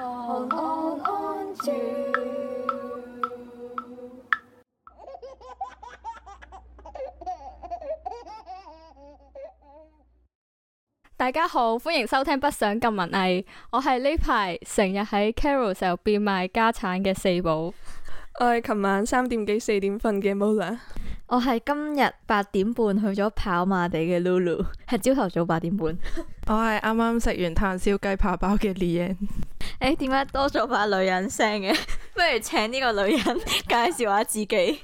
All, all, on, 大家好，歡迎收聽《不想咁文藝》我。我係呢排成日喺 Carol 時候變賣家產嘅四寶。我係琴晚三點幾四點瞓嘅 Mola。我係今日八點半去咗跑馬地嘅 Lulu。係朝頭早八點半。 我係啱啱食完炭燒雞扒包嘅 Leanne。誒，點解、欸、多咗把女人聲嘅？ 不如請呢個女人介紹下自己 。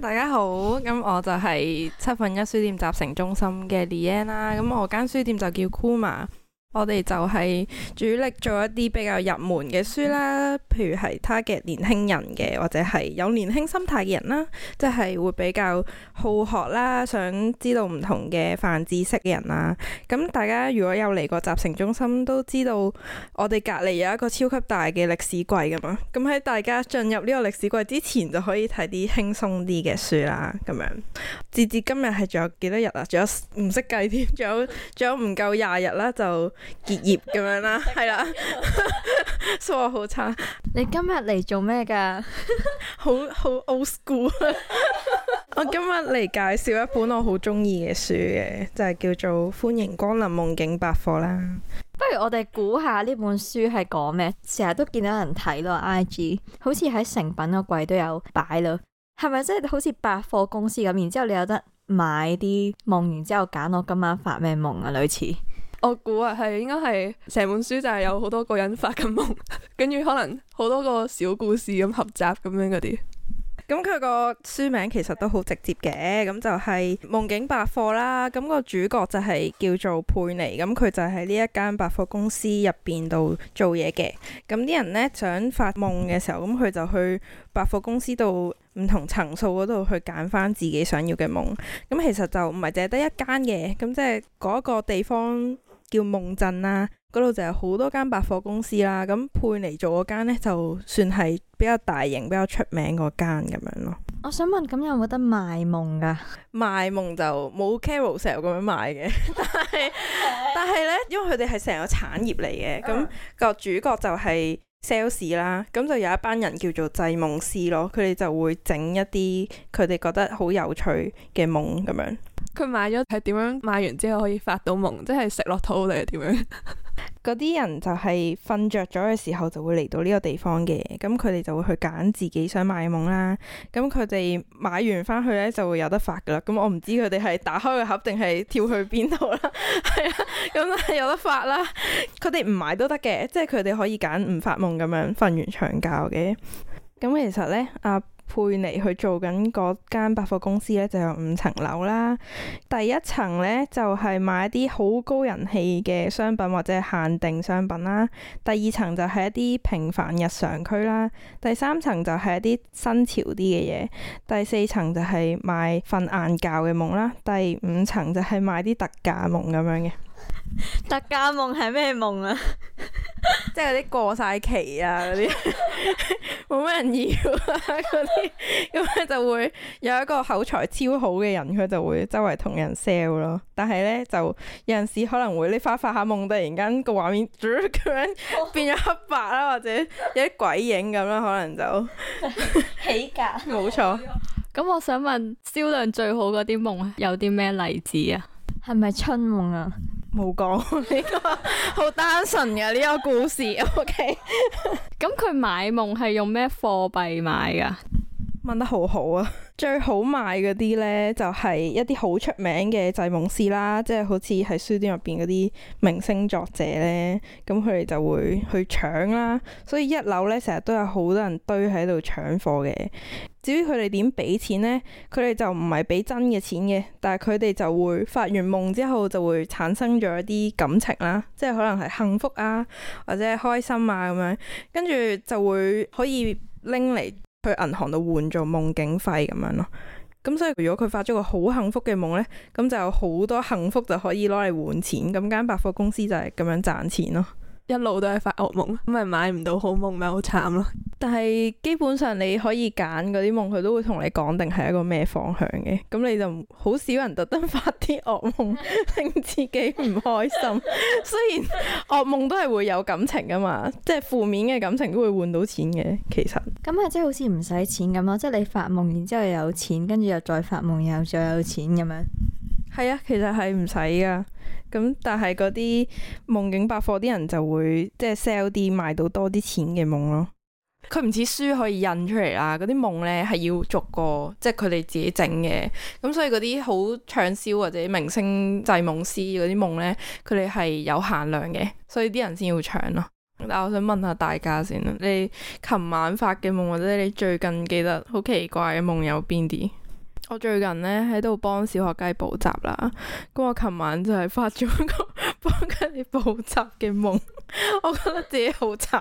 大家好，咁我就係七份一書店集成中心嘅 Leanne 啦，咁我間書店就叫 Kuma。我哋就係主力做一啲比較入門嘅書啦，譬如係，他嘅年輕人嘅，或者係有年輕心態嘅人啦，即係會比較好學啦，想知道唔同嘅泛知識嘅人啦。咁大家如果有嚟過集成中心，都知道我哋隔籬有一個超級大嘅歷史櫃噶嘛。咁喺大家進入呢個歷史櫃之前，就可以睇啲輕鬆啲嘅書啦。咁樣，截至今日係仲有幾多日啊？仲有唔識計添，仲有仲有唔夠廿日啦，就。結業咁樣啦，係啦 了，數學好差。你今日嚟做咩噶？ 好好 old school。 我今日嚟介紹一本我好中意嘅書嘅，就係、是、叫做《歡迎光臨夢境百貨》啦。不如我哋估下呢本書係講咩？成日都見到人睇咯，IG 好似喺成品個櫃都有擺咯。係咪即係好似百貨公司咁？然之後你有得買啲夢，然之後揀我今晚發咩夢啊？類似。我估啊，係應該係成本書就係有好多個人發緊夢，跟住可能好多個小故事咁合集咁樣嗰啲。咁佢個書名其實都好直接嘅，咁就係《夢境百貨》啦。咁個主角就係叫做佩妮，咁佢就喺呢一間百貨公司入邊度做嘢嘅。咁啲人呢，想發夢嘅時候，咁佢就去百貨公司度唔同層數嗰度去揀翻自己想要嘅夢。咁其實就唔係淨係得一間嘅，咁即係嗰個地方。叫夢鎮啦，嗰度就有好多間百貨公司啦。咁配嚟做嗰間呢，就算係比較大型、比較出名嗰間咁樣咯。我想問，咁有冇得賣夢㗎？賣夢就冇 carol 成日咁樣賣嘅， 但係但係呢，因為佢哋係成個產業嚟嘅，咁個主角就係 sales 啦。咁就有一班人叫做製夢師咯，佢哋就會整一啲佢哋覺得好有趣嘅夢咁樣。佢買咗係點樣？買完之後可以發到夢，即係食落肚定係點樣？嗰 啲人就係瞓着咗嘅時候就會嚟到呢個地方嘅，咁佢哋就會去揀自己想買嘅夢啦。咁佢哋買完翻去呢，就會有得發噶啦。咁我唔知佢哋係打開個盒定係跳去邊度啦。係啊，咁係有得發啦。佢哋唔買都得嘅，即係佢哋可以揀唔、就是、發夢咁樣瞓完長覺嘅。咁 其實呢。阿、啊。佩妮去做緊嗰間百貨公司咧，就有五層樓啦。第一層呢，就係買啲好高人氣嘅商品或者限定商品啦。第二層就係一啲平凡日常區啦。第三層就係一啲新潮啲嘅嘢。第四層就係賣瞓晏覺嘅夢啦。第五層就係賣啲特價夢咁樣嘅。特價夢係咩夢啊？ 即係嗰啲過晒期啊，嗰啲冇咩人要啊，嗰啲咁樣就會有一個口才超好嘅人，佢就會周圍同人 sell 咯。但係咧就有陣時可能會你發發下夢，突然間個畫面咁樣 變咗黑白啦，或者有啲鬼影咁啦，可能就起價。冇錯。咁我想問銷量最好嗰啲夢有啲咩例子是是啊？係咪春夢啊？冇講，呢個好單純嘅呢個故事，OK？咁 佢買夢係用咩貨幣買㗎？玩得好好啊！ 最好賣嗰啲呢，就係一啲好出名嘅製夢師啦，即係好似喺書店入邊嗰啲明星作者呢。咁佢哋就會去搶啦。所以一樓呢，成日都有好多人堆喺度搶貨嘅。至於佢哋點俾錢呢？佢哋就唔係俾真嘅錢嘅，但係佢哋就會發完夢之後就會產生咗一啲感情啦，即係可能係幸福啊，或者係開心啊咁樣，跟住就會可以拎嚟去銀行度換做夢境費咁樣咯，咁所以如果佢發咗個好幸福嘅夢呢，咁就有好多幸福就可以攞嚟換錢，咁間百貨公司就係咁樣賺錢咯。一路都係發惡夢，咁咪買唔到好夢，咪好慘咯。但係基本上你可以揀嗰啲夢，佢都會同你講，定係一個咩方向嘅。咁你就好少人特登發啲惡夢， 令自己唔開心。雖然惡夢 都係會有感情噶嘛，即係負面嘅感情都會換到錢嘅。其實咁係即係好似唔使錢咁咯，即係你發夢，然之後又有錢，跟住又再發夢，又再有錢咁樣。係啊，其實係唔使噶。咁但係嗰啲夢境百貨啲人就會即係 sell 啲賣到多啲錢嘅夢咯。佢唔似書可以印出嚟啦，嗰啲夢呢係要逐個，即係佢哋自己整嘅。咁所以嗰啲好暢銷或者明星製夢師嗰啲夢呢，佢哋係有限量嘅，所以啲人先要搶咯。但我想問下大家先，你琴晚發嘅夢或者你最近記得好奇怪嘅夢有邊啲？我最近咧喺度幫小學雞補習啦，咁我琴晚就係發咗個幫佢哋補習嘅夢，我覺得自己好慘，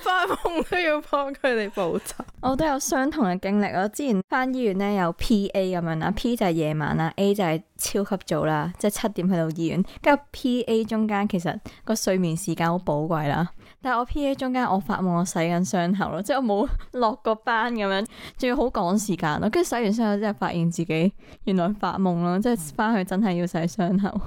發夢 都要幫佢哋補習。 我都有相同嘅經歷。我之前翻醫院咧有 P A 咁樣啦，P 就係夜晚啦，A 就係超級早啦，即係七點去到，到醫院。跟住 P A 中間其實個睡眠時間好寶貴啦。但係我 P.A. 中間我發夢我洗緊傷口咯，即係我冇落過班咁樣，仲要好趕時間咯。跟住洗完傷口之後發現自己原來發夢咯，即係翻去真係要洗傷口。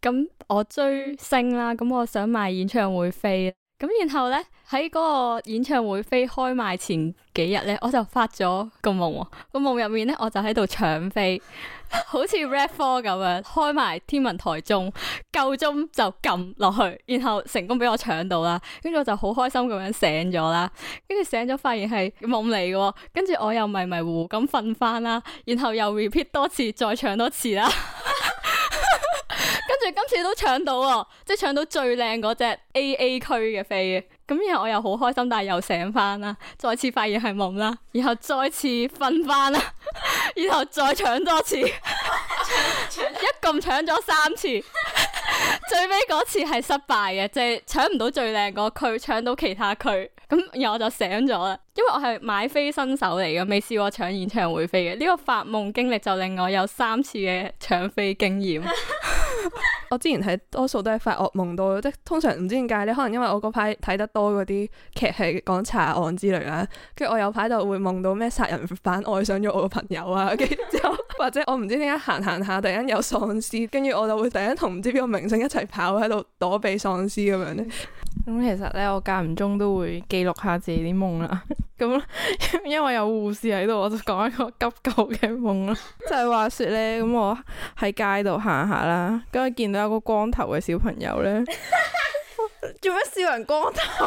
咁、嗯、 我追星啦，咁我想買演唱會飛。咁然後咧，喺嗰個演唱會飛開賣前幾日咧，我就發咗個夢、哦，個夢入面咧，我就喺度搶飛，好似 Red Four 咁樣開埋天文台鐘，夠鐘就撳落去，然後成功俾我搶到啦，跟住我就好開心咁樣醒咗啦，跟住醒咗發現係夢嚟嘅、哦，跟住我又迷迷糊咁瞓翻啦，然後又 repeat 多次再搶多次啦。 跟住今次都搶到喎！即係搶到最靚嗰隻 A A 區嘅飛，咁然後我又好開心，但係又醒翻啦，再次發現係夢啦，然後再次瞓翻啦，然後再搶多次，一共搶咗三次， 最尾嗰次係失敗嘅，即係搶唔到最靚嗰區，搶到其他區，咁然後我就醒咗啦。因為我係買飛新手嚟嘅，未試過搶演唱會飛嘅。呢、呢個發夢經歷就令我有三次嘅搶飛經驗。 我之前係多數都係發惡夢多，即係通常唔知點解咧，可能因為我嗰排睇得多嗰啲劇係講查案之類啦。跟住我有排就會夢到咩殺人犯愛上咗我個朋友啊，跟住之後或者我唔知點解行行下，突然間有喪屍，跟住我就會突然間同唔知邊個明星一齊跑喺度躲避喪屍咁樣咧。咁 其實咧，我間唔中都會記錄下自己啲夢啦。 咁，因 因為有護士喺度，我就講一個急救嘅夢啦。就係 話說咧，咁我喺街度行下啦，咁啊見到一個光頭嘅小朋友咧，做咩笑，為笑人光頭？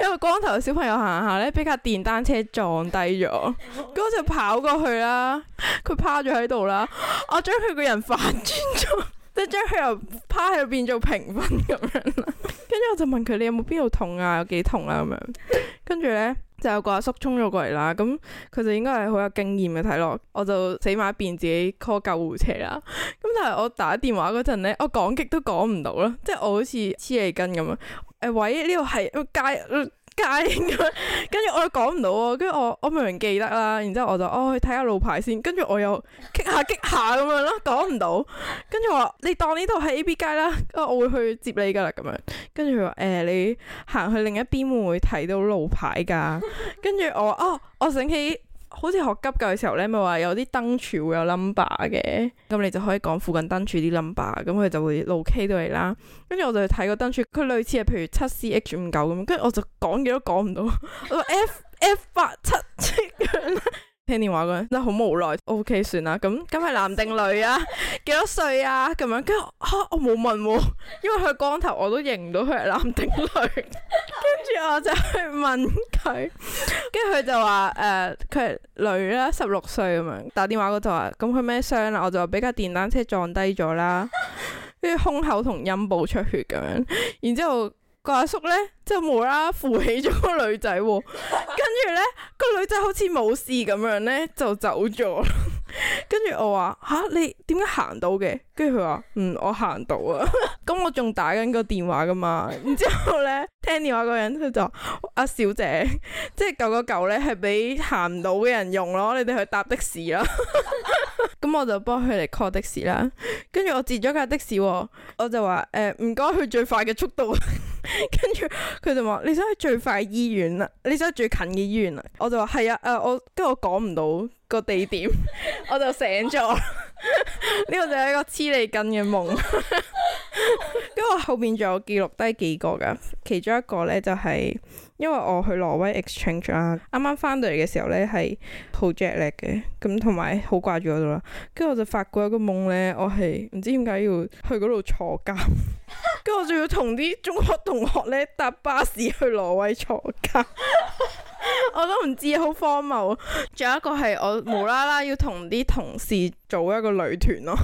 一 個光頭嘅小朋友行下咧，俾架電單車撞低咗，咁 就跑過去啦。佢趴咗喺度啦，我將佢個人反轉咗。 即係將佢由趴喺度變做評分咁樣啦，跟 住我就問佢，你有冇邊度痛啊？有幾痛啊咁樣，跟住咧就有個阿叔衝咗過嚟啦，咁佢就應該係好有經驗嘅睇落，我就死埋一邊自己 call 救護車啦，咁 但係我打電話嗰陣咧，我講極都講唔到啦，即係我好似黐脷根咁樣，誒、呃、喂，呢度係街。呃街咁樣，跟住 我又講唔到喎，跟住我我明明記得啦。然之後我就哦，去睇下路牌先，跟住我又激下激下咁樣咯，講唔到。跟住我話你當呢度係 A B 街啦，我會去接你噶啦咁樣。跟住佢話誒，你行去另一邊會唔會睇到路牌噶？跟住 我哦，我醒起。好似學急救嘅時候咧，咪話有啲燈柱會有 number 嘅，咁你就可以講附近燈柱啲 number，咁佢就會路 K 到嚟啦。跟住我就去睇個燈柱，佢類似係譬如七 C H 五九咁，跟住我就講嘢都講唔到， 我話說 F F 八七七咁樣。聽電話嗰人真係好無奈，OK 算啦，咁咁係男定女啊？幾多歲啊？咁樣跟住吓我冇問，啊，因為佢光頭，我都認唔到佢係男定女。跟 住我就去問佢，跟住佢就話誒佢係女啦，啊，十六歲咁樣。打電話嗰度話「咁佢咩傷啊？」我就話俾架電單車撞低咗啦，跟住胸口同陰部出血咁樣，然之後。個阿叔呢，就無啦啦扶起咗個女仔，跟住呢，個女仔好似冇事咁樣呢，就走咗、 啊。跟住、嗯、我話吓你點解行到嘅？跟住佢話嗯我行到啊，咁我仲打緊個電話噶嘛。然之後呢，聽電話嗰人佢就阿、啊、小姐，即係舊個舊呢，係俾行唔到嘅人用咯，你哋去搭的士啦。 咁 我就幫佢嚟 call 的士啦，跟住我截咗架的士，我就話誒唔該去最快嘅速度，跟住佢就話你想去最快嘅醫院啦、啊，你想去最近嘅醫院啦、啊，我就話係啊誒我跟住我講唔到個地點， 我就醒咗，呢個就係一個黐你筋嘅夢，跟 住我後面仲有記錄低幾個噶，其中一個咧就係、是。因為我去挪威 exchange 啦，啱啱翻到嚟嘅時候咧係好 jetlag 嘅，咁同埋好掛住嗰度啦。跟住我就發過一個夢咧，我係唔知點解要去嗰度坐監，就跟住我仲要同啲中學同學咧搭巴士去挪威坐監， 我都唔知，好荒謬。仲有一個係我無啦啦要同啲同事組一個女團咯，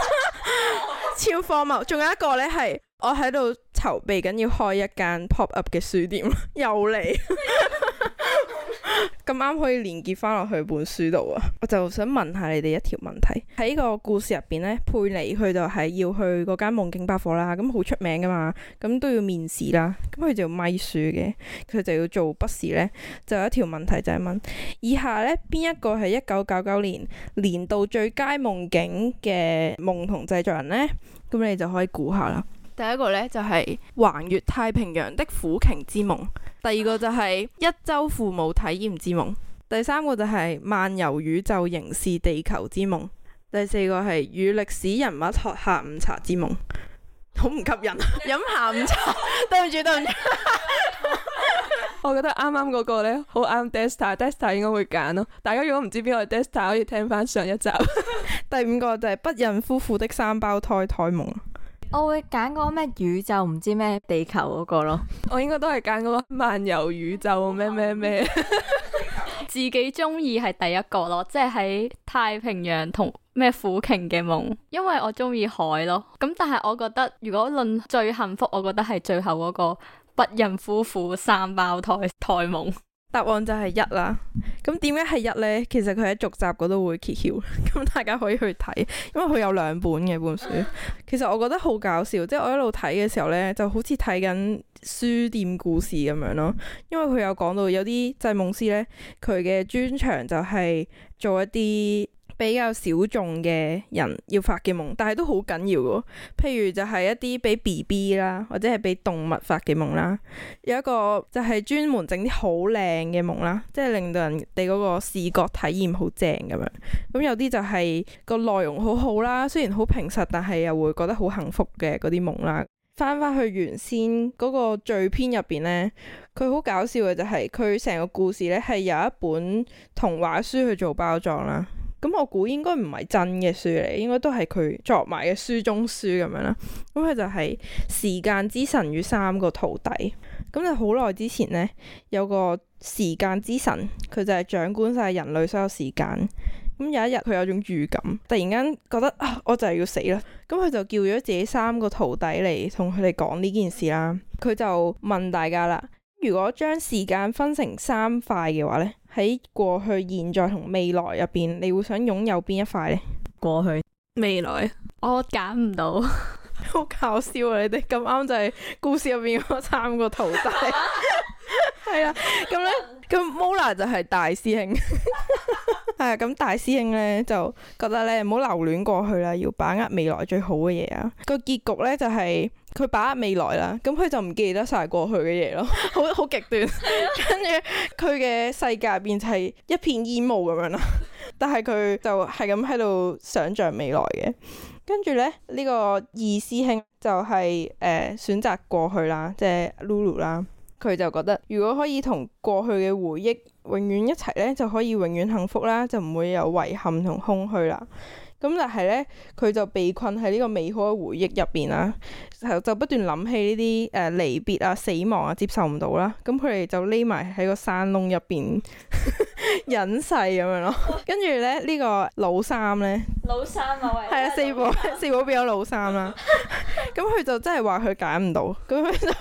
超荒謬。仲有一個咧係我喺度。籌備緊要開一間 pop up 嘅書店，又嚟咁啱可以連結翻落去本書度啊！我就想問，問下你哋一條問題喺個故事入邊呢，佩妮佢就係要去嗰間夢境百貨啦，咁好出名噶嘛，咁都要面試啦，咁佢就要咪書嘅，佢就要做筆試呢。就有一條問題就係問以下呢邊一個係一九九九年年度最佳夢境嘅夢同製作人呢？咁你就可以估下啦。第一個呢、就是，就係橫越太平洋的苦瓊之夢，第二個就係、是、一周父母體驗之夢，第三個就係漫遊宇宙凝視地球之夢，第四個係與歷史人物喝下午茶之夢，好唔吸引，飲下午茶，對唔住對唔住， 我覺得啱啱嗰個呢，好啱 Destar，Destar 應該會揀咯，大家如果唔知邊個係 Destar 可以聽翻上，上一集， 第五個就係不孕夫婦的三胞胎胎夢。我會揀個咩宇宙唔知咩地球嗰個咯， 我應該都係揀個漫遊宇宙咩咩咩，自己中意係第一個咯，即係喺太平洋同咩苦鯨嘅夢，因為我中意海咯，咁但係我覺得如果論最幸福，我覺得係最後嗰個不孕夫婦三胞胎胎夢。答案就係一啦，咁點解係一呢？其實佢喺續集嗰度會揭曉，咁 大家可以去睇，因為佢有兩本嘅本書。其實我覺得好搞笑，即係我一路睇嘅時候呢，就好似睇緊書店故事咁樣咯。因為佢有講到有啲製夢師呢，佢嘅專長就係做一啲。比較小眾嘅人要發嘅夢，但係都好緊要嘅。譬如就係一啲俾 BB 啦，或者係俾動物發嘅夢啦。有一個就係專門整啲好靚嘅夢啦，即係令到人哋嗰個視覺體驗好正咁樣。咁有啲就係個內容好好啦，雖然好平實，但係又會覺得好幸福嘅嗰啲夢啦。翻返去原先嗰個序篇入邊呢，佢好搞笑嘅就係佢成個故事呢係有一本童話書去做包裝啦。咁我估應該唔係真嘅書嚟，應該都係佢作埋嘅書中書咁樣啦。咁佢就係《時間之神與三個徒弟》。咁就好耐之前呢，有個時間之神，佢就係掌管晒人類所有時間。咁有一日，佢有種預感，突然間覺得啊，我就係要死啦。咁佢就叫咗自己三個徒弟嚟同佢哋講呢件事啦。佢就問大家啦：如果將時間分成三塊嘅話呢？喺過去、現在同未來入邊，你會想擁有邊一塊呢？過去、未來，我揀唔到，好 搞笑啊！你哋咁啱就係故事入邊嗰三個徒弟，係啦， 咁呢？咁 Mola 就係大師兄。 係咁， 啊、大師兄咧就覺得咧唔好留戀過去啦，要把握未來最好嘅嘢啊！個結局咧就係、是、佢把握未來啦，咁佢就唔記得晒過去嘅嘢咯，好 好極端。跟住佢嘅世界入邊就係一片煙霧咁樣啦， 但係佢就係咁喺度想像未來嘅。跟住咧，呢、這個二師兄就係、是、誒、呃、選擇過去啦，即、就、係、是、Lulu 啦，佢就覺得如果可以同過去嘅回憶。永遠一齊咧就可以永遠幸福啦，就唔會有遺憾同空虛啦。咁但係咧，佢就被困喺呢個美好嘅回憶入面啦。就就不斷諗起呢啲誒離別啊、死亡啊，接受唔到啦。咁佢哋就匿埋喺個山窿入邊隱世咁樣咯。跟住咧，呢個老三咧，老三老係啊，四寶，四寶變咗老三啦。咁佢就真係話佢揀唔到，咁佢就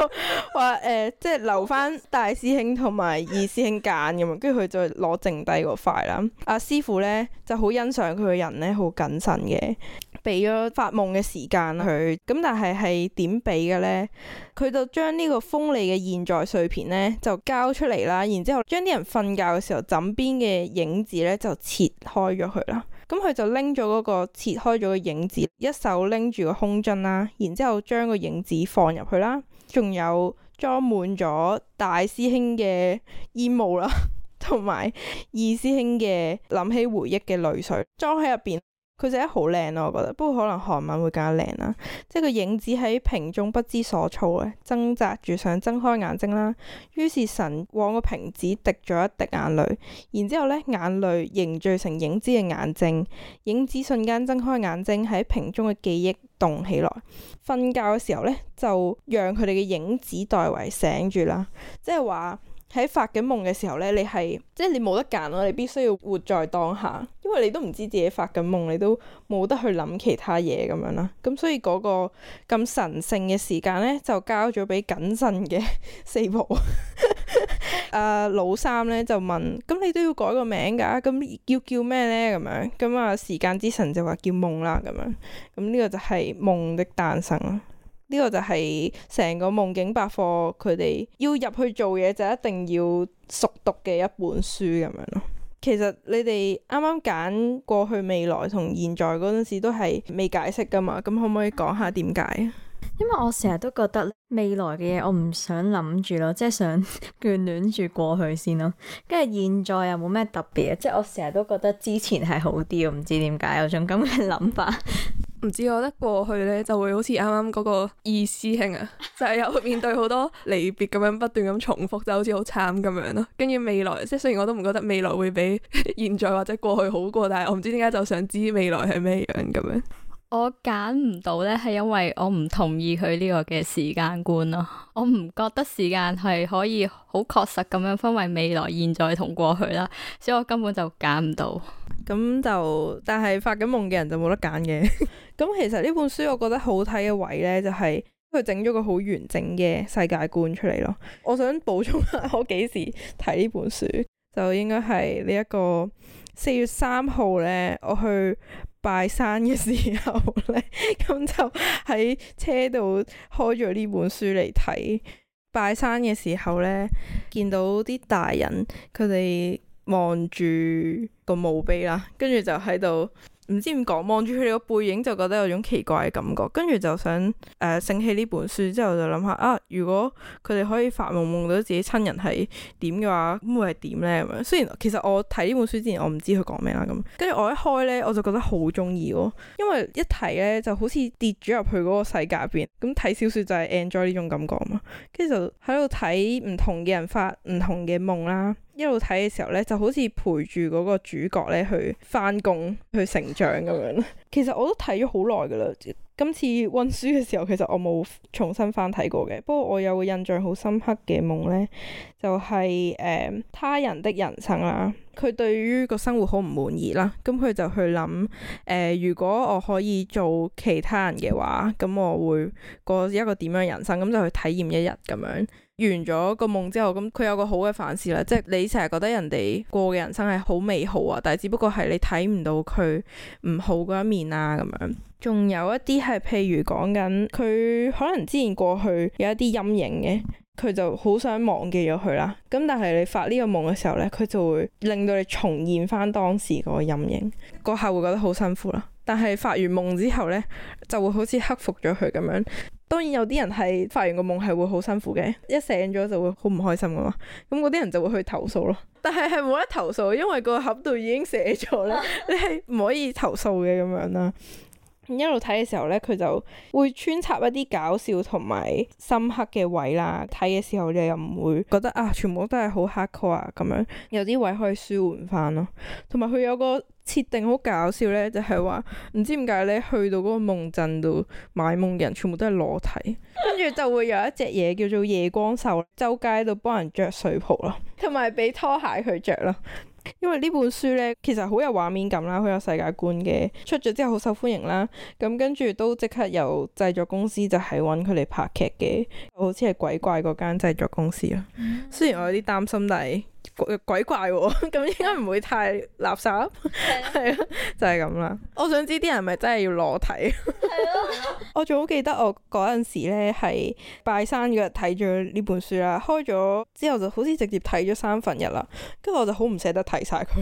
話誒，即係留翻大師兄同埋二師兄揀咁樣，跟住佢再攞剩低嗰塊啦。阿師傅咧就好欣賞佢個人咧，好謹慎嘅。俾咗發夢嘅時間佢咁，但係係點俾嘅呢？佢就將呢個鋒利嘅現在碎片呢，就交出嚟啦。然之後將啲人瞓覺嘅時候枕邊嘅影子呢，就切開咗佢啦。咁佢就拎咗嗰個切開咗嘅影子，一手拎住個空樽啦，然之後將個影子放入去啦，仲有裝滿咗大師兄嘅煙霧啦，同埋二師兄嘅諗起回憶嘅淚水裝喺入邊。佢寫得好靚咯，我覺得，不過可能韓文會更加靚啦。即係個影子喺瓶中不知所措咧，掙扎住想睜開眼睛啦。於是神往個瓶子滴咗一滴眼淚，然之後呢眼淚凝聚成影子嘅眼睛，影子瞬間睜開眼睛，喺瓶中嘅記憶動起來。瞓覺嘅時候呢，就讓佢哋嘅影子代為醒住啦。即係話。喺發緊夢嘅時候咧，你係即係你冇得揀咯，你必須要活在當下，因為你都唔知自己發緊夢，你都冇得去諗其他嘢咁樣咯。咁所以嗰個咁神聖嘅時間咧，就交咗俾謹慎嘅四寶。誒、 uh, 老三咧就問：咁你都要改個名㗎？咁要叫咩咧？咁樣咁啊，時間之神就話叫夢啦。咁樣咁呢個就係夢的誕生。呢個就係成個夢境百貨，佢哋要入去做嘢，就一定要熟讀嘅一本書咁樣咯。其實你哋啱啱揀過去、未來同現在嗰陣時都係未解釋㗎嘛，咁可唔可以講下點解？因為我成日都覺得未來嘅嘢，我唔想諗住咯，即係想眷戀住過去先咯。跟住現在又冇咩特別啊，即係我成日都覺得之前係好啲，我唔知點解有種咁嘅諗法。唔知我覺得過去呢就會好似啱啱嗰個二師兄啊，就係有面對好多離別咁樣不斷咁重複，就好似好慘咁樣咯。跟住未來，即係雖然我都唔覺得未來會比現在或者過去好過，但係我唔知點解就想知未來係咩樣咁樣。我揀唔到呢，係因為我唔同意佢呢個嘅時間觀咯。我唔覺得時間係可以好確實咁樣分為未來、現在同過去啦，所以我根本就揀唔到。咁就，但係發緊夢嘅人就冇得揀嘅。咁 其實呢本書，我覺得好睇嘅位呢，就係佢整咗個好完整嘅世界觀出嚟咯。我想補充下，我幾時睇呢本書？就應該係呢一個四月三號呢，我去。拜山嘅時候咧，咁 就喺車度開咗呢本書嚟睇。拜山嘅時候咧，見到啲大人佢哋望住個墓碑啦，跟住就喺度。唔知點講，望住佢哋個背影就覺得有種奇怪嘅感覺，跟住就想誒，醒、呃、起呢本書之後就諗下啊，如果佢哋可以發夢夢到自己親人係點嘅話，咁會係點咧咁樣？雖然其實我睇呢本書之前我唔知佢講咩啦咁，跟住我一開咧我就覺得好中意咯，因為一睇咧就好似跌咗入去嗰個世界入邊，咁睇小説就係 enjoy 呢種感覺嘛，跟住就喺度睇唔同嘅人發唔同嘅夢啦。一路睇嘅時候咧，就好似陪住嗰個主角咧去翻工、去成長咁樣咯。其實我都睇咗好耐噶啦。今次溫書嘅時候，其實我冇重新翻睇過嘅。不過我有個印象好深刻嘅夢咧，就係、是、誒、嗯、他人的人生啦。佢對於個生活好唔滿意啦，咁佢就去諗誒、呃，如果我可以做其他人嘅話，咁我會過一個點樣人生？咁就去體驗一日咁樣。完咗個夢之後，咁佢有個好嘅反思啦，即係你成日覺得人哋過嘅人生係好美好啊，但係只不過係你睇唔到佢唔好嗰一面啊咁樣。仲有一啲係，譬如講緊佢可能之前過去有一啲陰影嘅，佢就好想忘記咗佢啦。咁但係你發呢個夢嘅時候咧，佢就會令到你重現翻當時嗰個陰影，個客會覺得好辛苦啦。但係發完夢之後咧，就會好似克服咗佢咁樣。當然有啲人係發完個夢係會好辛苦嘅，一醒咗就會好唔開心噶嘛。咁嗰啲人就會去投訴咯。但係係冇得投訴，因為個盒度已經寫咗啦，你係唔可以投訴嘅咁樣啦。一路睇嘅時候呢，佢就會穿插一啲搞笑同埋深刻嘅位啦。睇嘅時候你又唔會覺得啊，全部都係好黑酷啊咁樣，有啲位可以舒緩翻咯。同埋佢有個設定好搞笑呢，就係話唔知點解咧，去到嗰個夢鎮度買夢嘅人全部都係裸體，跟住就會有一隻嘢叫做夜光獸，周街喺度幫人着睡袍咯，同埋俾拖鞋佢着咯。因為呢本書咧，其實好有畫面感啦，好有世界觀嘅，出咗之後好受歡迎啦，咁跟住都即刻有製作公司就係揾佢哋拍劇嘅，好似係鬼怪嗰間製作公司啊，雖然我有啲擔心，但係。鬼怪咁、啊、 應該唔會太垃，垃圾，係咯，就係咁啦。我想知啲人係咪真係要裸體？我仲好記得我嗰陣時咧係拜山嗰日睇咗呢本書啦，開咗之後就好似直接睇咗三分一啦，跟住我就好唔捨得睇晒佢，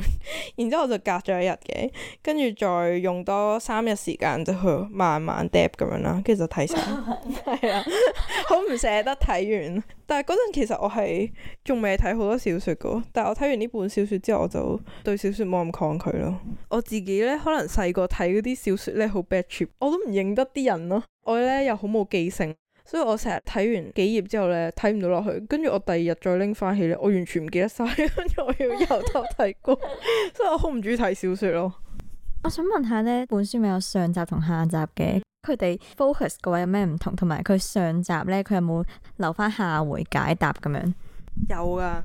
然之後我就隔咗一日嘅，跟住再用多三日用多日時間就去慢慢 d 咁樣啦，跟住就睇晒，係啊。好唔捨得睇完，但係嗰陣其實我係仲未睇好多小說噶，但係我睇完呢本小說之後，我就對小說冇咁抗拒咯。我自己呢，可能細個睇嗰啲小說呢，好 bad trip，我都唔認得啲人咯，我呢又好冇記性，所以我成日睇完幾頁之後呢，睇唔到落去，跟住我第二日再拎翻起呢，我完全唔記得晒，跟住我要由頭睇過， 所以我好唔中意睇小說咯。我想問下呢，本書咪有上集同下集嘅？佢哋 focus 嘅話有咩唔同，同埋佢上集呢，佢有冇留翻下回解答咁樣？有啊。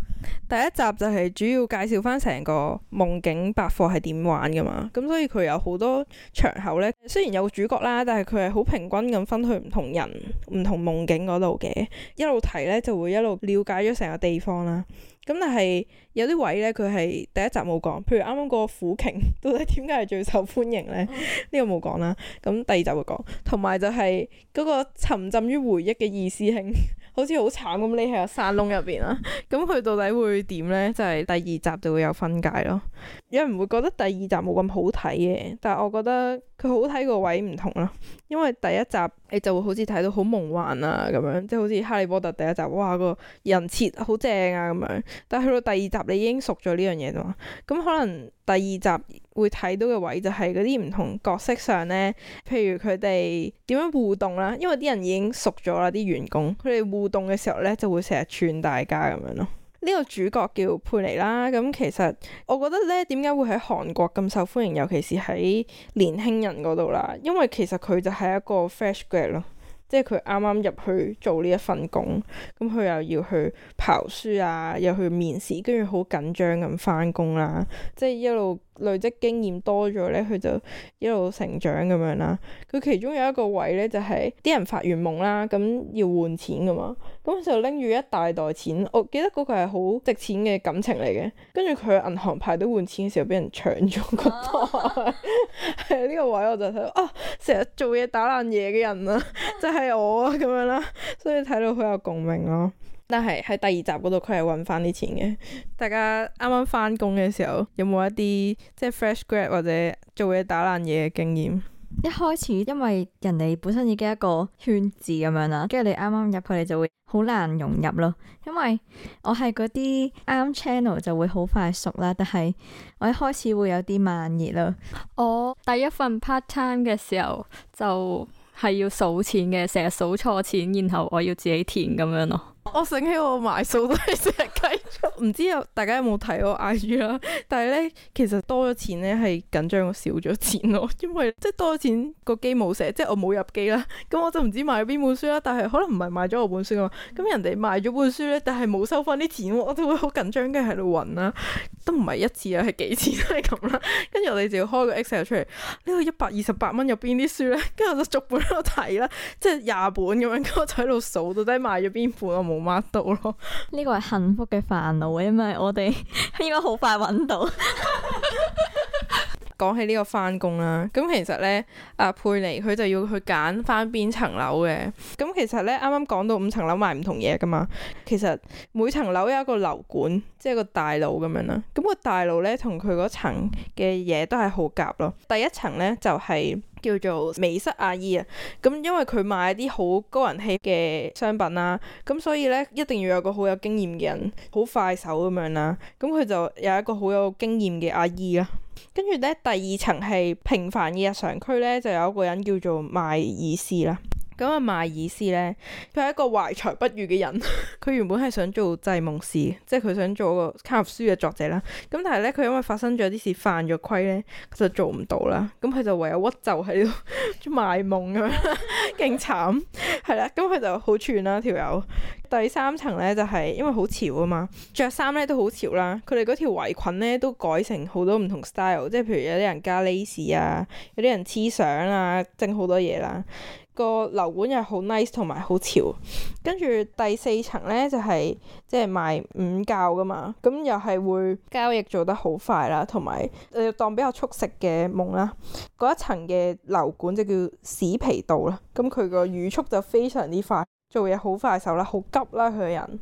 第一集就係主要介紹翻成個夢境百貨係點玩噶嘛，咁所以佢有好多場口呢，雖然有主角啦，但係佢係好平均咁分去唔同人、唔同夢境嗰度嘅，一路睇呢，就會一路了解咗成個地方啦。咁但係有啲位咧，佢係第一集冇講，譬如啱啱嗰個苦境到底點解係最受歡迎咧？呢、嗯、個冇講啦。咁第二集會講，同埋就係嗰個沉浸於回憶嘅二師兄，好似好慘咁匿喺個山窿入邊啦。咁佢到底會點咧？就係、是、第二集就會有分解咯。有人會覺得第二集冇咁好睇嘅，但係我覺得佢好睇個位唔同囉，因為第一集。你就會好似睇到好夢幻啊咁樣，即係好似《哈利波特》第一集，哇個人設好正啊咁樣。但係去到第二集，你已經熟咗呢樣嘢咋嘛？咁可能第二集會睇到嘅位就係嗰啲唔同角色上咧，譬如佢哋點樣互動啦，因為啲人已經熟咗啦，啲員工佢哋互動嘅時候咧就會成日串大家咁樣咯。呢個主角叫佩妮啦，咁其實我覺得咧，點解會喺韓國咁受歡迎，尤其是喺年輕人嗰度啦？因為其實佢就係一個 fresh grad 咯，即係佢啱啱入去做呢一份工，咁佢又要去刨書啊，又去面試，跟住好緊張咁翻工啦，即係一路，累積經驗多咗咧，佢就一路成長咁樣啦。佢其中有一個位咧，就是，就係啲人發完夢啦，咁要換錢噶嘛，咁就拎住一大袋錢。我記得嗰個係好值錢嘅感情嚟嘅，跟住佢去銀行排隊換錢嘅時候，俾人搶咗個袋。係呢， 這個位我就睇到，啊，成日做嘢打爛嘢嘅人啊，就係、是、我啊咁樣啦，所以睇到好有共鳴咯，啊。但係喺第二集嗰度，佢係搵翻啲錢嘅。大家啱啱返工嘅時候，有冇一啲即係 fresh grad 或者做嘢打爛嘢嘅經驗？一開始因為人哋本身已經一個圈子咁樣啦，跟住你啱啱入去，你就會好難融入咯。因為我係嗰啲啱 channel 就會好快熟啦，但係我一開始會有啲慢熱咯。我第一份 part time 嘅時候就係要數錢嘅，成日數錯錢，然後我要自己填咁樣咯。我醒起我賣數都係成日計數，唔 知有大家有冇睇我 IG 啦？但係咧，其實多咗錢咧係緊張少咗錢咯，因為即係多咗錢個機冇寫，即係、就是、我冇入機啦，咁我就唔知賣咗邊本書啦。但係可能唔係賣咗我本書啊，咁人哋賣咗本書咧，但係冇收翻啲錢，我就會好緊張住喺度搵啦，都唔係一次啊，係幾次都係咁啦。跟住我哋就要開個 Excel 出嚟，這個、呢個一百二十八蚊有邊啲書咧？跟住我就逐本喺度睇啦，即係廿本咁樣，咁我就喺度數到底賣咗邊本冇乜到咯，呢個係幸福嘅煩惱，因為！ 我哋應該好快揾到。講起呢個翻工啦，咁其實呢，阿佩妮佢就要去揀翻邊層樓嘅。咁其實呢，啱啱講到五層樓賣唔同嘢噶嘛，其實每層樓有一個樓管。即係個大佬咁樣啦，咁、嗰個大佬咧同佢嗰層嘅嘢都係好夾咯。第一層咧就係、係、叫做美室阿姨啊，咁因為佢賣啲好高人氣嘅商品啦，咁所以咧一定要有個好有經驗嘅人，好快手咁樣啦。咁佢就有一個好有經驗嘅阿姨啦。跟住咧第二層係平凡嘅日常區咧，就有一個人叫做賣醫師啦。咁阿邁爾斯咧，佢係一個懷才不遇嘅人。佢 原本係想做製夢師，即係佢想做個卡插書嘅作者啦。咁但係咧，佢因為發生咗啲事，犯咗規咧，就做唔到啦。咁佢就唯有屈 夢、啊、 更慘 就喺度賣夢咁樣，勁慘係啦。咁佢就好串啦，條友第三層咧就係、是、因為好潮啊嘛，着衫咧都好潮啦。佢哋嗰條圍裙咧都改成好多唔同 style，即係譬如有啲人加 lace 啊，有啲人黐相啊，整好多嘢啦。個樓管又係好 nice 同埋好潮，跟住第四層咧就係即係賣午覺噶嘛，咁又係會交易做得好快啦，同埋誒當比較速食嘅夢啦，嗰一層嘅樓管就叫屎皮道啦，咁佢個語速就非常之快，做嘢好快手啦，好急啦佢個人，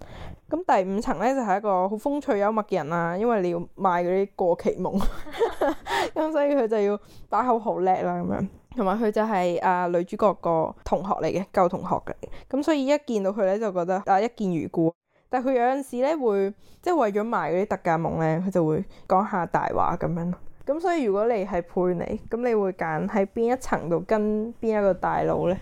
咁第五層咧就係、是、一個好風趣幽默嘅人啦，因為你要賣嗰啲過期夢，咁 所以佢就要把口好叻啦咁樣。同埋佢就係啊女主角個同學嚟嘅舊同學嘅，咁所以一見到佢咧就覺得啊一見如故。但係佢有陣時咧會即係為咗賣嗰啲特價夢咧，佢就會講下大話咁樣。咁所以如果你係配你，咁你會揀喺邊一層度跟邊一個大佬呢？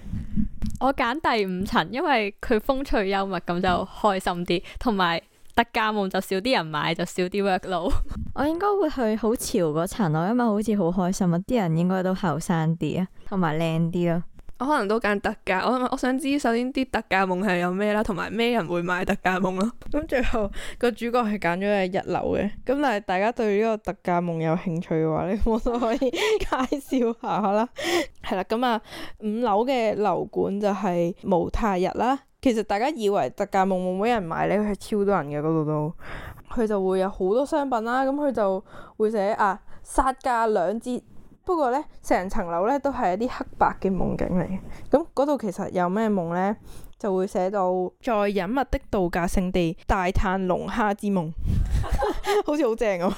我揀第五層，因為佢風趣幽默，咁就開心啲，同埋。特價夢就少啲人買，就少啲 workload。我應該會去好潮嗰層咯，因為好似好開心啊，啲人應該都後生啲啊，同埋靚啲咯。我可能都揀特價，我我想知首先啲特價夢係有咩啦，同埋咩人會買特價夢咯。咁最後個主角係揀咗係一樓嘅，咁但係大家對呢個特價夢有興趣嘅話咧，我都可以 介紹下啦。係 啦，咁啊五樓嘅樓管就係毛太日啦。其實大家以為特價夢冇人買呢，佢係超多人嘅，嗰度都，佢就會有好多商品啦。咁、那、佢、個、就會寫啊殺價兩折，不過呢，成層樓呢都係一啲黑白嘅夢境嚟。咁嗰度其實有咩夢呢？就會寫到在隱密的度假勝地大嘆龍蝦之夢， 好似好正咁，啊。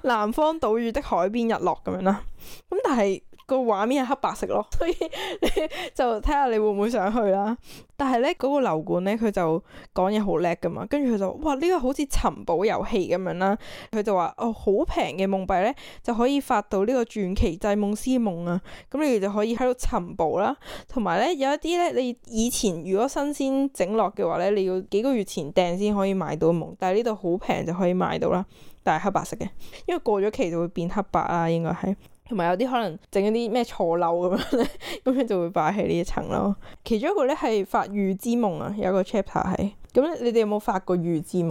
南方島嶼的海邊日落咁樣啦。咁、那個、但係。個畫面係黑白色咯，所以你 就睇下你會唔會想去啦。但係咧，嗰、那個樓管咧，佢就講嘢好叻噶嘛。跟住佢就，哇！呢、這個好似尋寶遊戲咁樣啦。佢就話，哦，好平嘅夢幣咧，就可以發到呢個傳奇製夢、就是、師夢啊。咁你就可以喺度尋寶啦。同埋咧，有一啲咧，你以前如果新鮮整落嘅話咧，你要幾個月前訂先可以買到夢，但係呢度好平就可以買到啦。但係黑白色嘅，因為過咗期就會變黑白啦，應該係。同埋有啲可能整一啲咩錯漏咁樣咧，咁 樣就會擺喺呢一層咯。其中一個咧係發預知夢啊，有個 chapter 係。咁咧，你哋有冇發過預知夢？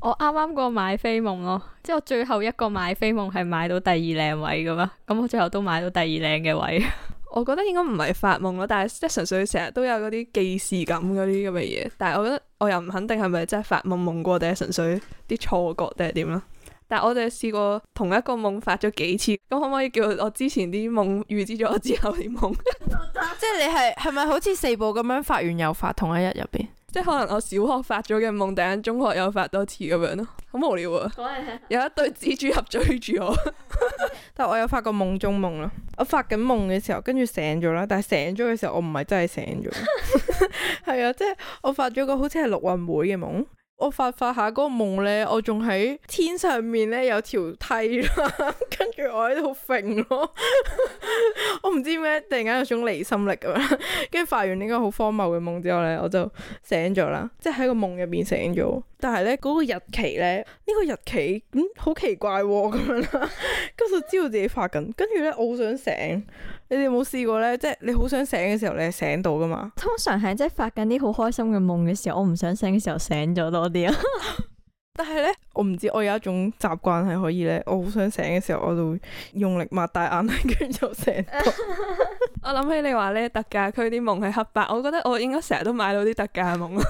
我啱啱過買飛夢咯，即係我最後一個買飛夢係買到第二靚位噶嘛，咁我最後都買到第二靚嘅位的。 我覺得應該唔係發夢咯，但係即係純粹成日都有嗰啲既視感嗰啲咁嘅嘢。但係我覺得我又唔肯定係咪真係發夢夢過，定係純粹啲錯覺定係點啦。但我哋試過同一個夢發咗幾次，咁可唔可以叫我之前啲夢預知咗我之後啲夢？ 即係你係係咪好似四部咁樣發完又發，同一日入邊？即係可能我小學發咗嘅夢，突然間中學又發多次咁樣咯，好無聊啊！講嚟 有一對蜘蛛俠追住我， 但我有發過夢中夢咯。我發緊夢嘅時候，跟住醒咗啦，但係醒咗嘅時候，我唔係真係醒咗，係 啊，即係我發咗個好似係陸運會嘅夢。我發發下嗰個夢咧，我仲喺天上面咧有條梯咯，跟住我喺度揈咯，我唔知咩突然間有種離心力咁樣，跟住發完呢個好荒謬嘅夢之後咧，我就醒咗啦，即係喺個夢入邊醒咗，但係咧嗰個日期咧呢個日期嗯好奇怪咁、哦、樣啦，跟住就知道自己發緊，跟住咧我好想醒。你哋冇試過呢？即係你好想醒嘅時候，你係醒到噶嘛？通常係即係發緊啲好開心嘅夢嘅時候，我唔想醒嘅時候醒咗多啲啊！ 但係呢，我唔知我有一種習慣係可以呢，我好想醒嘅時候，我就用力擘大眼，跟住就醒到。 我諗起你話咧特價區啲夢係黑白，我覺得我應該成日都買到啲特價夢。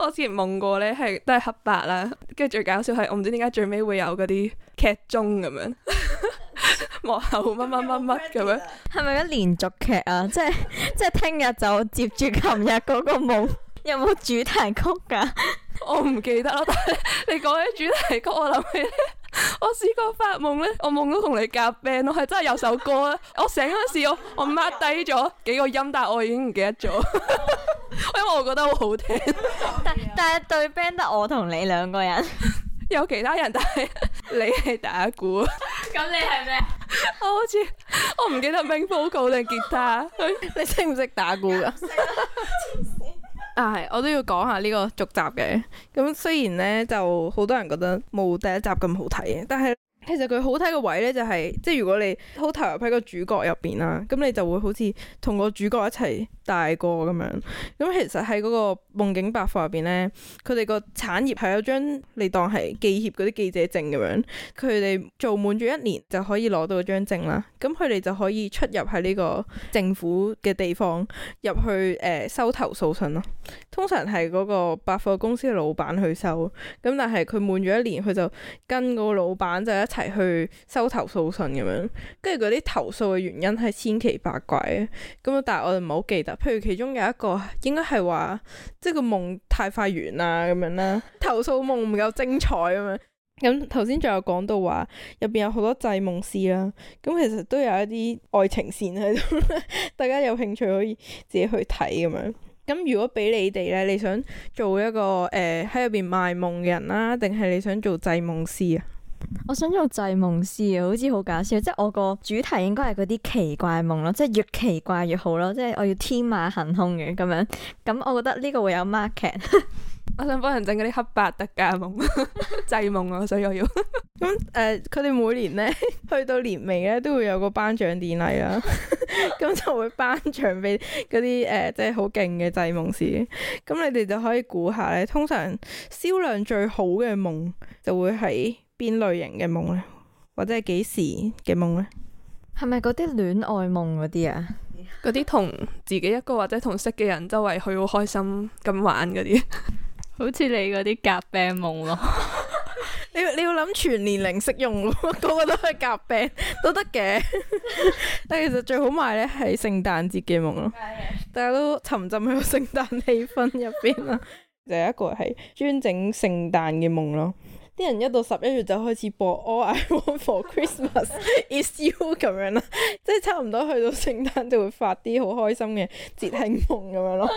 我之前夢過咧，係都係黑白啦，跟住最搞笑係我唔知點解最尾會有嗰啲劇中咁樣呵呵，幕後乜乜乜乜咁樣。係咪咁連續劇啊？即係即係聽日就接住琴日嗰個夢？ 有冇主題曲噶？ 我唔記得咯，但係你講起主題曲，我諗起。我試過發夢咧，我夢到同你夾 band 咯，係真係有首歌咧。我醒嗰時我我 mark 低咗幾個音，但係我已經唔記得咗， 因為我覺得好好聽。 但但係對 band 得我同你兩個人， 有其他人，但係你係打鼓。咁 你係咩？我好似我唔記得 main vocal 定吉他。 你識唔識打鼓噶 啊，係，我都要講下呢個續集嘅。咁雖然呢，就好多人覺得冇第一集咁好睇，但係，其實佢好睇嘅位咧、就係，就係即係如果你好投入喺個主角入邊啦，咁你就會好似同個主角一齊大個咁樣。咁其實喺嗰個夢境百貨入邊咧，佢哋個產業係有張你當係記協嗰啲記者證咁樣，佢哋做滿咗一年就可以攞到張證啦。咁佢哋就可以出入喺呢個政府嘅地方入去誒、呃、收投訴信咯。通常係嗰個百貨公司嘅老闆去收，咁但係佢滿咗一年，佢就跟嗰個老闆就一齊，係去收投訴信咁樣，跟住嗰啲投訴嘅原因係千奇百怪嘅，咁但係我哋唔好記得，譬如其中有一個應該係話，即係個夢太快完啦咁樣啦，投訴夢唔夠精彩咁樣。咁頭先仲有講到話，入邊有好多製夢師啦，咁其實都有一啲愛情線喺度， 大家有興趣可以自己去睇咁樣。咁如果俾你哋咧，你想做一個誒喺入邊賣夢嘅人啦，定係你想做製夢師啊？我想做製夢師，好似好搞笑，即係我個主題應該係嗰啲奇怪夢咯，即係越奇怪越好咯，即係我要天馬行空嘅咁樣。咁我覺得呢個會有 market 。我想幫人整嗰啲黑白特價夢製夢啊，所以我要。咁誒， 佢、呃、哋每年咧去到年尾咧，都會有個頒獎典禮啦。咁 就會頒獎俾嗰啲誒，即係好勁嘅製夢師。咁你哋就可以估下咧，通常銷量最好嘅夢就會喺。邊類型嘅夢咧，或者係幾時嘅夢咧？係咪嗰啲戀愛夢嗰啲啊？嗰啲同自己一個或者同識嘅人周圍去好開心咁玩嗰啲， 好似你嗰啲夾餅夢咯。你你要諗全年齡適用咯，個個都係夾餅都得嘅。 但其實最好賣呢係聖誕節嘅夢咯， 大家都沉浸喺個聖誕氣氛入邊啦。就 有一個係專整聖誕嘅夢咯。啲人一到十一月就開始播 All I Want for Christmas is You 咁樣啦，即係差唔多去到聖誕就會發啲好開心嘅節慶夢咁樣咯。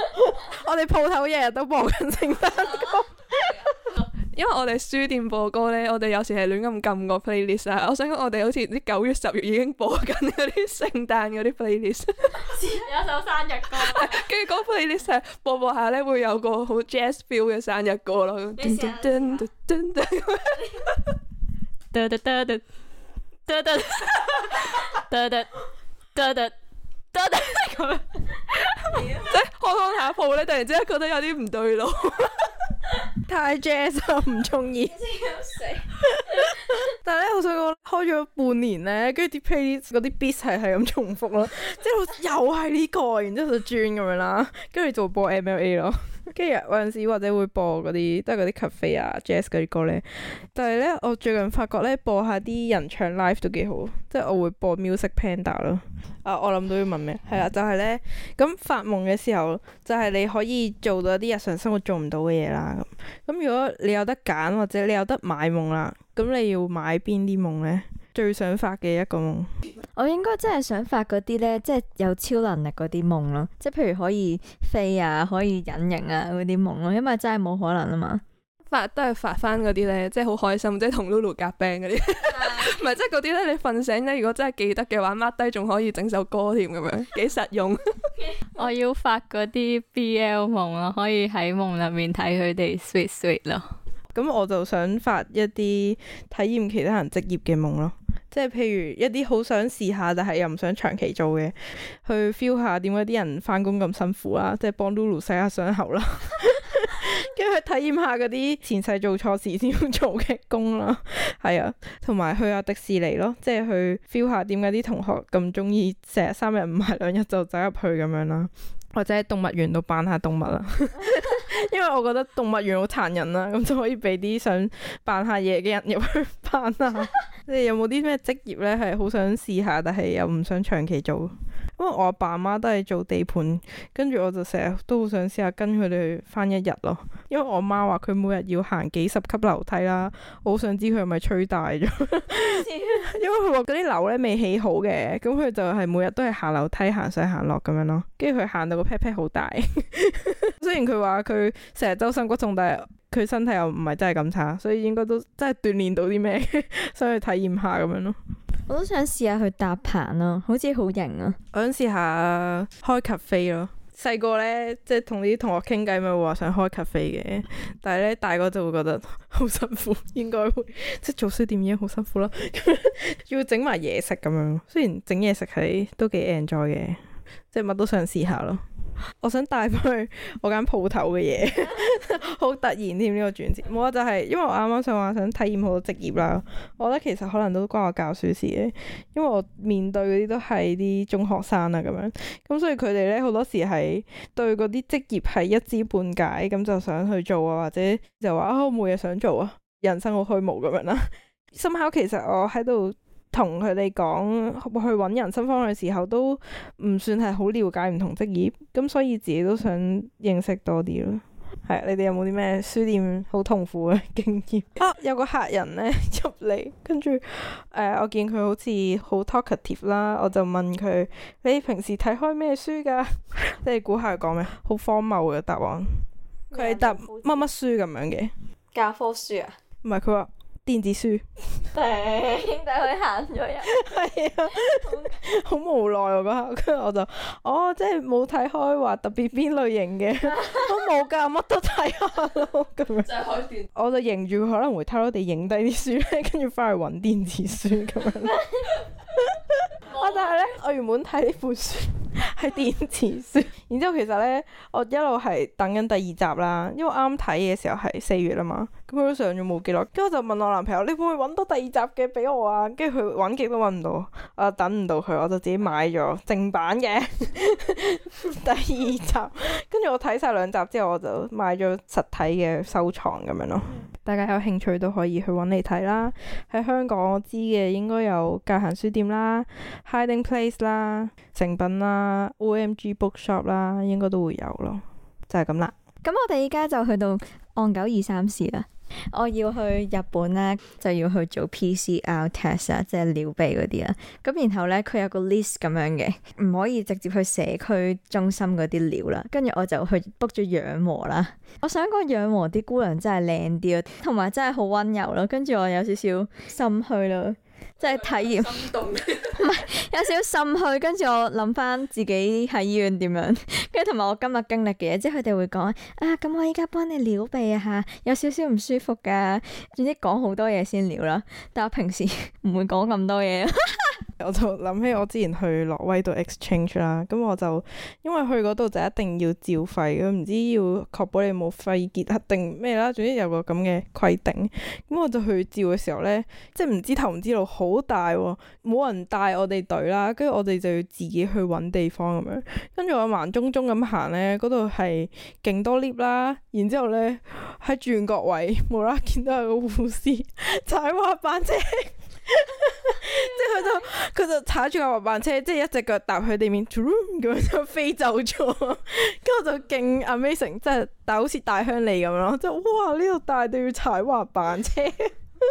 我哋鋪頭日日都播緊聖誕歌。因為我哋書店播歌咧，我哋有時係亂咁撳個 playlist 啊！我想講，我哋好似啲九月十月已經播緊嗰啲聖誕嗰啲 playlist，有一首生日歌，跟住嗰個 playlist 播播下咧，會有個好 jazz feel 嘅生日歌咯。叮叮叮叮叮叮，哈哈哈哈哈哈哈哈哈哈哈哈哈哈哈哈哈哈哈哈，即係看看下鋪咧，突然之間覺得有啲唔對路。太 jazz 啦，唔中意， 但係咧，好想講開咗半年咧，跟住啲 play 嗰啲 beat 係係咁重複咯， 即係又係呢個，然之後就轉咁樣啦，跟住就播 MLA 咯。 跟住有陣時或者會播嗰啲，即係嗰啲 cafe 啊 jazz 嗰啲歌咧，但係咧，我最近發覺咧，播下啲人唱 live 都幾好，即係我會播 music panda 咯。啊，我諗到要問咩？係啦， 就係咧，咁發夢嘅時候就係你可以做到一啲日常生活做唔到嘅嘢啦。咁咁如果你有得揀或者你有得買夢啦，咁你要買邊啲夢咧？最想發嘅一個夢，我應該真係想發嗰啲咧，即係有超能力嗰啲夢咯，即係譬如可以飛啊，可以隱形啊嗰啲夢咯，因為真係冇可能啊嘛，發都係發翻嗰啲咧，即係好開心，即係同 Lulu 夾 band 嗰啲，唔係即係嗰啲咧，你瞓醒咧，如果真係記得嘅話，mark 低仲可以整首歌添，咁樣幾實用。 我要發嗰啲 BL 夢咯，可以喺夢裏面睇佢哋 sweet sweet 咯。咁我就想發一啲體驗其他人職業嘅夢咯，即係譬如一啲好想試下，但係又唔想長期做嘅，去 feel 下點解啲人翻工咁辛苦啦，即係幫 Lulu 洗下傷口啦，跟住 去體驗下嗰啲前世做錯事先要做嘅工啦，係啊，同埋去下迪士尼咯，即係去 feel 下點解啲同學咁中意成日三日唔係兩日就走入去咁樣啦，或者喺動物園度扮下動物啦。 因為我覺得動物園好殘忍啦，咁就可以俾啲想扮下嘢嘅人入去扮啦。 你係有冇啲咩職業咧，係好想試下，但係又唔想長期做。因為我阿爸阿媽都係做地盤，跟住我就成日都好想試下跟佢哋去返一日咯。因為我媽話佢每日要行幾十級樓梯啦，我好想知佢係咪吹大咗。 因為佢話嗰啲樓咧未起好嘅，咁佢就係每日都係行樓梯行上行落咁樣咯。跟住佢行到個 pat pat 好大。 雖然佢話佢成日周身骨痛，但係佢身體又唔係真係咁差，所以應該都真係鍛煉到啲咩， 想去體驗下咁樣咯。我都想試下去搭棚咯，好似好型啊！我想試下開咖啡咯。細個咧即係同啲同學傾偈，咪話想開咖啡嘅，但係咧大個就會覺得好辛苦，應該會即係做書店已經好辛苦咯， 要整埋嘢食咁樣。雖然整嘢食係都幾 enjoy 嘅，即係乜都想試下咯。我 想帶翻去我間鋪頭嘅嘢，好突然添呢個轉折。冇啊，就係因為我啱啱想話想體驗好多職業啦。我覺得其實可能都關我教書事嘅，因為我面對嗰啲都係啲中學生啊咁樣，咁所以佢哋咧好多時係對嗰啲職業係一知半解，咁就想去做啊，或者就話啊、哦、我冇嘢想做啊，人生好虛無咁樣啦。幸好其實我喺度。同佢哋講去揾人生方向嘅時候，都唔算係好了解唔同職業，咁所以自己都想認識多啲咯。係，你哋有冇啲咩書店好痛苦嘅經驗啊？有個客人呢入嚟，跟住誒，我見佢好似好 talkative 啦，我就問佢：你平時睇開咩書㗎？ 你估下佢講咩？好荒謬嘅答案。佢係答乜乜書咁樣嘅？教科書啊？唔係，佢話。電子書，兄弟去行咗入。係啊，好無奈我嗰刻，跟住我就，哦，即係冇睇開話特別邊類型嘅，都冇噶，乜都睇下咯，咁樣就開電，我就認住可能會偷偷地影低啲書，跟住翻去搵電子書咁樣。我就係咧，我原本睇呢副書係電子書，然之後其實咧，我一路係等緊第二集啦，因為啱睇嘅時候係四月啊嘛。咁我都上咗冇幾耐，跟住我就問我男朋友：你會唔會揾到第二集嘅俾我啊？跟住佢揾極都揾唔到，啊，等唔到佢，我就自己買咗正版嘅第二集。跟住我睇晒兩集之後，我就買咗實體嘅收藏咁樣咯。大家有興趣都可以去揾嚟睇啦。喺香港我知嘅應該有界限書店啦、Hiding Place 啦、成品啦、OMG Bookshop 啦，應該都會有咯。就係咁啦。咁我哋依家就去到岸久二三事啦。我要去日本咧，就要去做 PCR test 啊，即係撩鼻嗰啲啦。咁然後咧，佢有個 list 咁樣嘅，唔可以直接去社區中心嗰啲撩啦。跟住我就去 book 咗養和啦。我想講養和啲姑娘真係靚啲啊，同埋真係好溫柔咯。跟住我有少少心虛咯。即係體驗，唔係有少少滲去，跟住我諗翻自己喺醫院點樣，跟住同埋我今日經歷嘅嘢。即係佢哋會講啊，咁我依家幫你撩鼻下，有少少唔舒服噶，總之講好多嘢先撩啦。但我平時唔 會講咁多嘢。 我就諗起我之前去挪威度 exchange 啦，咁我就因為去嗰度就一定要照肺，唔知要確保你冇肺結核定咩啦，總之有個咁嘅規定。咁我就去照嘅時候咧，即係唔知頭唔知路好大，冇人帶我哋隊啦，跟住我哋就要自己去搵地方咁樣。跟住我盲中中咁行咧，嗰度係勁多 lift 啦，然之後咧喺轉角位冇啦啦見到有個護士，就係話班車。 即係佢就佢 就踩住架滑板車， 即係一隻腳踏去地面，咁樣 就飛走咗。跟住我就勁 amazing，即係但好似大鄉 里咁樣咯，即係哇呢度大到要踩滑板車。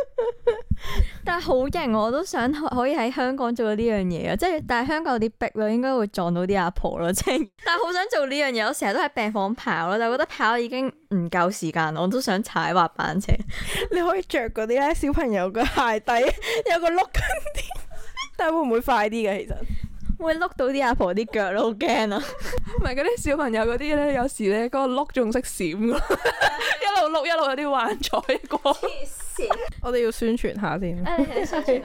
但係好型，我都想可以喺香港做呢樣嘢啊！即係，但係香港有啲逼咯，應該會撞到啲阿婆咯。即係，但係好想做呢樣嘢，我成日都喺病房跑咯，但係覺得跑已經唔夠時間，我都想踩滑板車。 你可以着嗰啲咧小朋友嘅鞋底，有個碌，啲， 但係會唔會快啲嘅？其實？會碌到啲阿婆啲腳都好驚啊！唔係嗰啲小朋友嗰啲咧，有時咧嗰個碌仲識閃噶，一路碌一路有啲幻彩光， 我哋要宣傳下先。係、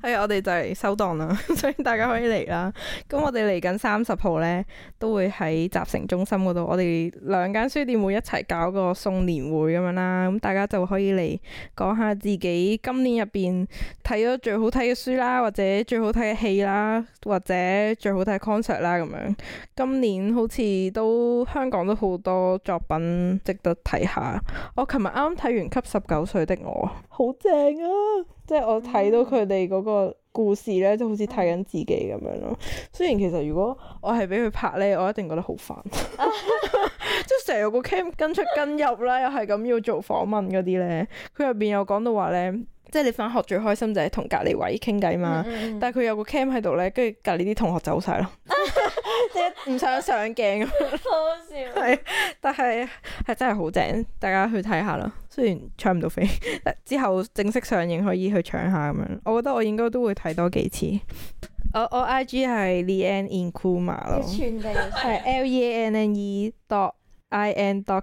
哎， 我哋就嚟收檔啦，所以大家可以嚟啦。咁我哋嚟緊三十號咧，都會喺集成中心嗰度，我哋兩間書店會一齊搞個送年會咁樣啦。咁大家就可以嚟講下自己今年入邊睇咗最好睇嘅書啦，或者最好睇嘅戲啦，或者。最好睇 concert 啦，咁樣今年好似都香港都好多作品值得睇下。我琴日啱啱睇完《給十九歲的我》，好正啊！即係我睇到佢哋嗰個故事咧，就好似睇緊自己咁樣咯。雖然其實如果我係俾佢拍咧，我一定覺得好煩，即係成日個 cam 跟出跟入啦，又係咁要做訪問嗰啲咧。佢入邊有講到話咧。即係你翻學最開心就係同隔籬位傾偈嘛，但係佢有個 cam 喺度咧，跟住隔籬啲同學走晒咯，即係唔想上鏡咁。好笑。係，但係係真係好正，大家去睇下啦。雖然搶唔到飛，但之後正式上映可以去搶下咁樣。我覺得我應該都會睇多幾次。我我 IG 係 Leanne in Kuma 咯，係 L E N N E dot I N dot。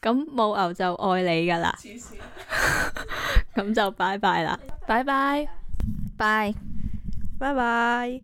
咁母牛就愛你噶啦，咁 就拜拜啦，拜拜，拜，拜拜。